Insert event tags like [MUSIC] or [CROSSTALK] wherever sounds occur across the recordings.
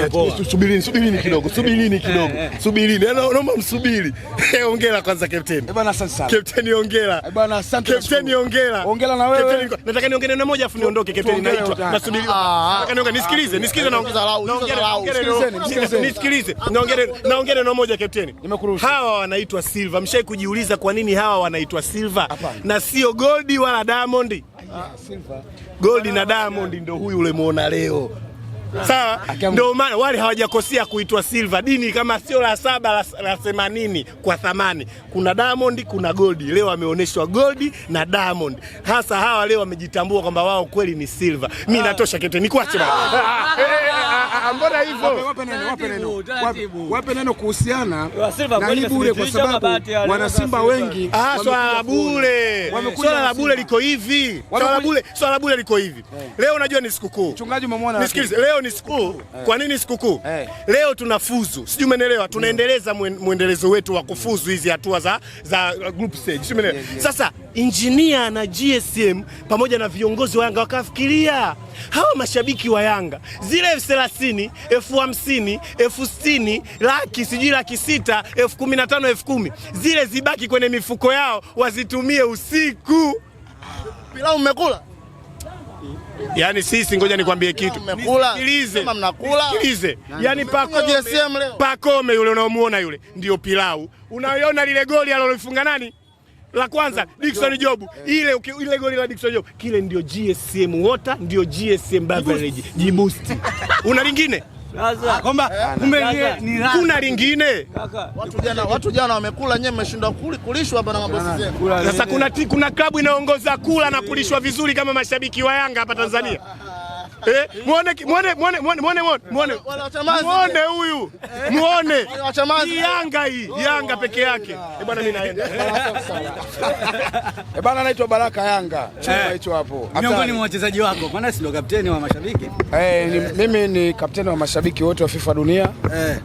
Yaani, subirini, subirini kidogo, subirini kidogo, eh, eh, eh. subirini. Yaani, naomba msubiri. Hongera [LAUGHS] kwanza captain. Eh bwana, asante sana. Captain hongera. Eh bwana, asante. hongera. Hongera na wewe. Nataka niongee moja afu niondoke naitwa. Nasubiri. Ah, ah. Nataka niongee, nisikilize, nisikilize naongeza lao. Nisikilize. Naongea moja Nimekuruhusu. Hawa wanaitwa Silver. Mshai kujiuliza kwa nini hawa wanaitwa Silver na sio Gold wala Diamond? Ah, Silver. Gold na Diamond ndio huyu ulemuona leo sawa. Ndio maana wale hawajakosea kuitwa silver, dini kama sio la saba la themanini kwa thamani. Kuna diamond, kuna gold. Leo wameonyeshwa gold na diamond, hasa hawa leo wamejitambua kwamba wao kweli ni silver. Mi ah. natosha kete, nikwache ah, [LAUGHS] ah, mbona hivyo? Wape neno kuhusiana na hii bure, kwa sababu wanasimba wengi. Swala la bure, swala la bure liko hivi, swala la bure liko hivi. Leo unajua ni sikukuu, mchungaji, umemwona nisikilize leo ni sikukuu. Kwa nini sikukuu? Hey. Eh. Leo tunafuzu, sijui umeelewa, tunaendeleza mwendelezo wetu wa kufuzu hizi hatua za, za uh, group stage, sijui umeelewa. Sasa injinia na GSM pamoja na viongozi wa Yanga wakafikiria hawa mashabiki wa Yanga zile elfu thelathini elfu hamsini elfu sitini laki sijui laki sita elfu kumi na tano elfu kumi zile zibaki kwenye mifuko yao wazitumie usiku. Pilau mmekula? Yaani sisi ngoja nikwambie yaani kitu. mnakula. Sikilize. Yaani, yaani Pakome, Pakome yule unaomuona yule ndio pilau. Unaiona lile goli alilofunga nani? La kwanza Dickson Job. Eh. Ile ile goli la Dickson Job. Kile ndio GSM Water, ndio GSM Beverage. Jibusti. Una lingine? Ah, eh, kuna lingine. Watu jana wamekula, nyewe mmeshindwa kulishwa hapa na mabosi zenu. Sasa kuna klabu inaongoza kula na kulishwa vizuri kama mashabiki wa Yanga hapa Tanzania. [LAUGHS] Eh, muone muone muone muone muone muone huyu eh. muone Yanga hii oh. Yanga peke yake. Eh bwana, mimi naenda. Eh bwana, [LAUGHS] eh, naitwa Baraka Yanga eh. hicho hapo, miongoni mwa wachezaji wako, maana si ndo kapteni wa mashabiki eh? Mimi ni kapteni wa mashabiki wote wa FIFA dunia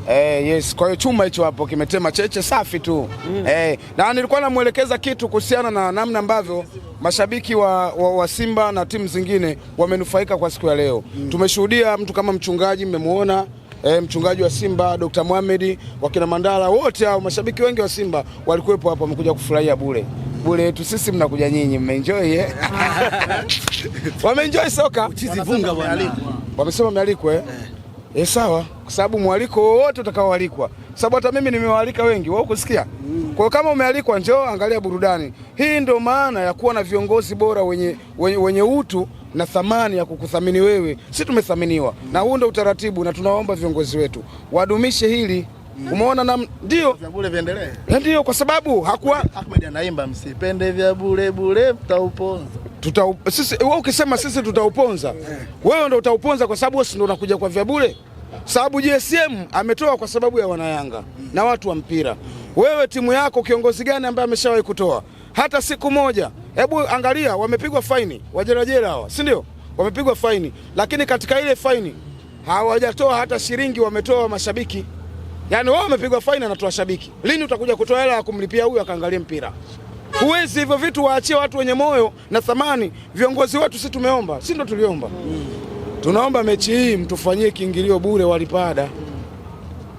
eh, yes. Kwa hiyo chuma hicho hapo kimetema cheche safi tu mm. eh, na nilikuwa namwelekeza kitu kuhusiana na namna ambavyo mashabiki wa, wa, wa Simba na timu zingine wamenufaika kwa siku ya leo mm. Tumeshuhudia mtu kama mchungaji mmemwona E, mchungaji wa Simba Dr. Mohamed wakina Mandala wote hao mashabiki wengi wa Simba walikuwepo hapa, wamekuja kufurahia bure bure yetu sisi, mnakuja nyinyi mmeenjoy eh? [LAUGHS] wameenjoy soka, wamesema mwalikwe eh? E, sawa, kwa sababu mwaliko wowote utakaoalikwa, sababu hata mimi nimewaalika wengi wao kusikia. Mm. Kwa hiyo kama umealikwa, njoo angalia burudani. Hii ndio maana ya kuwa na viongozi bora wenye, wenye, wenye utu na thamani ya kukuthamini wewe. Si tumethaminiwa na huu ndio utaratibu, na tunawaomba viongozi wetu wadumishe hili. Umeona na ndio vyabule viendelee, ndio kwa sababu hakuwa Ahmed anaimba msipende vya bure bure, tutauponza tuta sisi. Wewe ukisema sisi tutauponza wewe ndo utauponza, kwa sababu wewe ndio unakuja kwa vya bure, sababu GSM ametoa kwa sababu ya wanayanga na watu wa mpira. Wewe timu yako kiongozi gani ambaye ameshawahi kutoa hata siku moja? Hebu angalia, wamepigwa faini wajerajera hawa, si ndio? Wamepigwa faini, lakini katika ile faini hawajatoa hata shilingi, wametoa mashabiki. Yaani wao wamepigwa faini, anatoa shabiki. Lini utakuja kutoa hela ya kumlipia huyu akaangalie mpira? Huwezi hivyo vitu, waachie watu wenye moyo na thamani. Viongozi wetu si tumeomba, si ndio? tuliomba? Mm. Tunaomba mechi hii mtufanyie kiingilio bure, walipada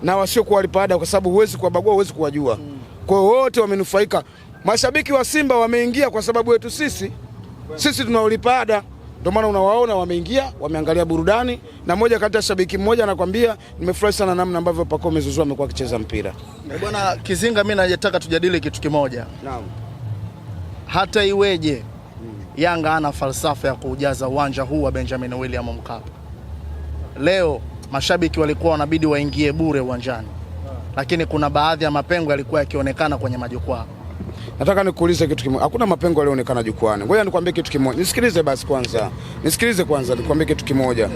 na wasiokuwa walipa ada, kwa sababu huwezi kuwabagua, huwezi kuwajua. Kwa hiyo wote wamenufaika. Mashabiki wa Simba wameingia kwa sababu yetu sisi, sisi tunaolipa ada ndio maana unawaona wameingia, wameangalia burudani, na moja kati ya shabiki mmoja anakwambia nimefurahi sana namna ambavyo Pacome Zouzoua amekuwa akicheza mpira. Eh, bwana Kizinga, mimi najetaka tujadili kitu kimoja. Naam. Hata iweje, hmm. Yanga ana falsafa ya kuujaza uwanja huu wa Benjamin William Mkapa leo mashabiki walikuwa wanabidi waingie bure uwanjani, lakini kuna baadhi ya mapengo yalikuwa yakionekana kwenye majukwaa. Nataka nikuulize kitu kimoja. Hakuna mapengo yalioonekana jukwani. Ngoja nikwambie kitu kimoja. Nisikilize basi kwanza, nisikilize kwanza, nikwambie kitu kimoja.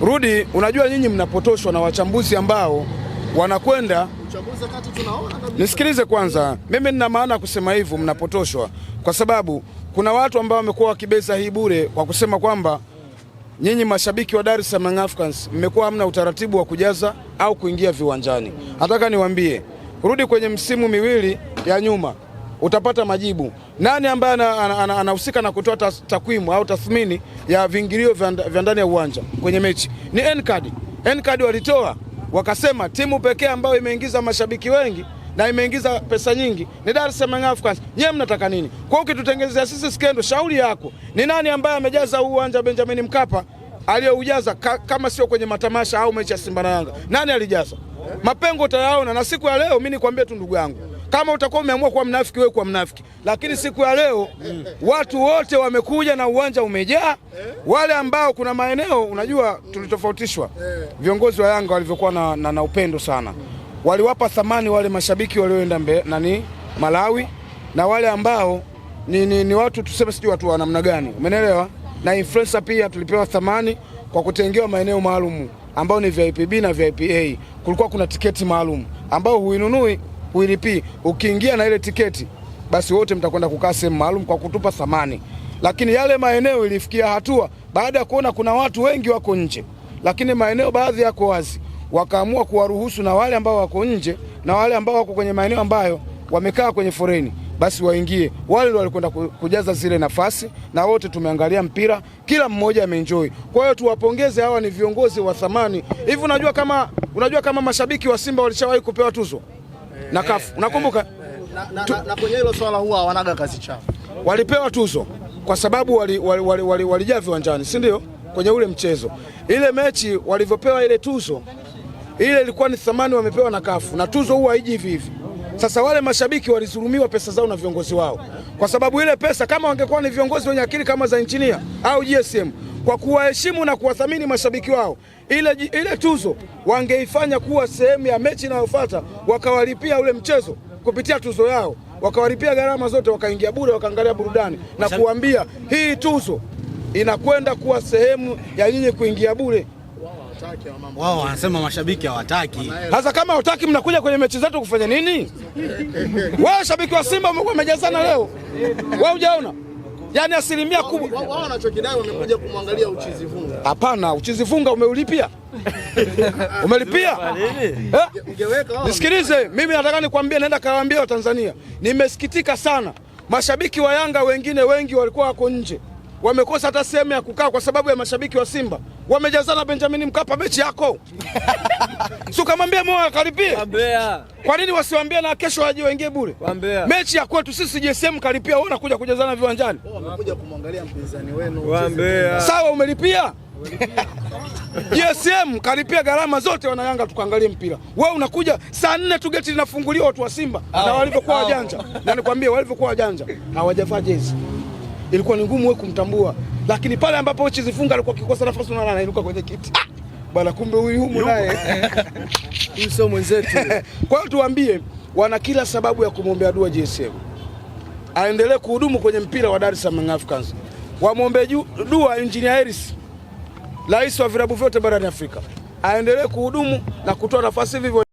Rudi, unajua nyinyi mnapotoshwa na wachambuzi ambao wanakwenda nisikilize kwanza, mimi nina maana ya kusema hivyo, mnapotoshwa kwa sababu kuna watu ambao wamekuwa wakibeza hii bure kwa kusema kwamba nyinyi mashabiki wa Dar es Salaam Africans mmekuwa hamna utaratibu wa kujaza au kuingia viwanjani. Nataka niwaambie, rudi kwenye msimu miwili ya nyuma utapata majibu. Nani ambaye anahusika na kutoa takwimu au tathmini ya viingilio vya ndani ya uwanja kwenye mechi? Ni Ncard. Ncard walitoa wakasema timu pekee ambayo imeingiza mashabiki wengi na imeingiza pesa nyingi ni Dar es Salaam Africans. Nyewe mnataka nini? Kwa hiyo ukitutengenezea sisi skendo, shauri yako. Ni nani ambaye amejaza huu uwanja Benjamin Mkapa aliyoujaza ka, kama sio kwenye matamasha au mechi ya Simba na Yanga? Nani alijaza? Mapengo utayaona, na siku ya leo mimi nikwambie tu ndugu yangu kama utakuwa umeamua kuwa mnafiki, wewe kuwa mnafiki, lakini siku ya leo mm, watu wote wamekuja na uwanja umejaa. Wale ambao kuna maeneo unajua tulitofautishwa, viongozi wa Yanga walivyokuwa na, na, na upendo sana waliwapa thamani wale mashabiki walioenda nani Malawi na wale ambao ni, ni, ni watu tuseme sijui watu wa namna gani, umeelewa? Na influencer pia tulipewa thamani kwa kutengewa maeneo maalum ambao ni VIPB na VIPA. Kulikuwa kuna tiketi maalum ambao huinunui huilipii, ukiingia na ile tiketi basi wote mtakwenda kukaa sehemu maalum kwa kutupa thamani. Lakini yale maeneo ilifikia hatua baada ya kuona kuna watu wengi wako nje, lakini maeneo baadhi yako wazi wakaamua kuwaruhusu na wale ambao wako nje na wale ambao wako kwenye maeneo ambayo wamekaa kwenye foreni basi waingie wale walikwenda kujaza zile nafasi, na wote tumeangalia mpira, kila mmoja ameenjoy. Kwa hiyo tuwapongeze, hawa ni viongozi wa thamani. Hivi unajua kama, unajua kama mashabiki wa Simba walishawahi kupewa tuzo eh, na kafu, eh, unakumbuka? Eh, na kwenye hilo swala huwa wanaga kazi chao, walipewa tuzo kwa sababu walijaa wali, wali, wali, wali viwanjani, si ndio? Kwenye ule mchezo ile mechi walivyopewa ile tuzo ile ilikuwa ni thamani wamepewa na kafu, na tuzo huwa haiji hivi hivi. Sasa wale mashabiki walizulumiwa pesa zao na viongozi wao, kwa sababu ile pesa, kama wangekuwa ni viongozi wenye akili kama za injinia au GSM, kwa kuwaheshimu na kuwathamini mashabiki wao, ile, ile tuzo wangeifanya kuwa sehemu ya mechi inayofuata, wakawalipia ule mchezo kupitia tuzo yao, wakawalipia gharama zote, wakaingia bure, wakaangalia burudani na kuambia hii tuzo inakwenda kuwa sehemu ya nyinyi kuingia bure wao wanasema mashabiki hawataki. Sasa kama hutaki, mnakuja kwenye mechi zetu kufanya nini? Wewe shabiki wa Simba umejazana leo, wewe hujaona yaani asilimia kubwa wao wanachokidai wamekuja kumwangalia uchizi funga. Hapana, uchizi funga umeulipia? Umelipia? Eh? Ungeweka. Nisikilize, mimi nataka nikwambie, naenda kawaambia Watanzania, nimesikitika sana. Mashabiki wa Yanga wengine wengi walikuwa wako nje wamekosa hata sehemu ya kukaa kwa sababu ya mashabiki wa Simba wamejazana Benjamin Mkapa. Mechi yako [LAUGHS] si ukamwambia moyo akaripie? Kwa nini wasiwaambie na kesho waje waingie bure? Mechi ya kwetu sisi JSM karipia, wewe unakuja kujazana viwanjani. Wamekuja kumwangalia mpinzani wenu, sawa, umelipia JSM kalipia gharama zote, wanayanga tukaangalie mpira. Wewe unakuja saa nne tu geti linafunguliwa, watu wa Simba na walivyokuwa wajanja, na nikwambie walivyokuwa wajanja hawajavaa jezi ilikuwa ni ngumu wewe kumtambua, lakini pale ambapo Chizifunga alikuwa akikosa nafasi unaona anainuka kwenye kiti ah! Bwana, kumbe huyu humu naye [LAUGHS] huyu sio mwenzetu. [LAUGHS] Kwa hiyo tuambie, wana kila sababu ya kumwombea dua JSM aendelee kuhudumu kwenye mpira wa Dar es Salaam Africans, wamwombee dua Engineer Harris, rais wa vilabu vyote barani Afrika, aendelee kuhudumu na kutoa nafasi hivyo.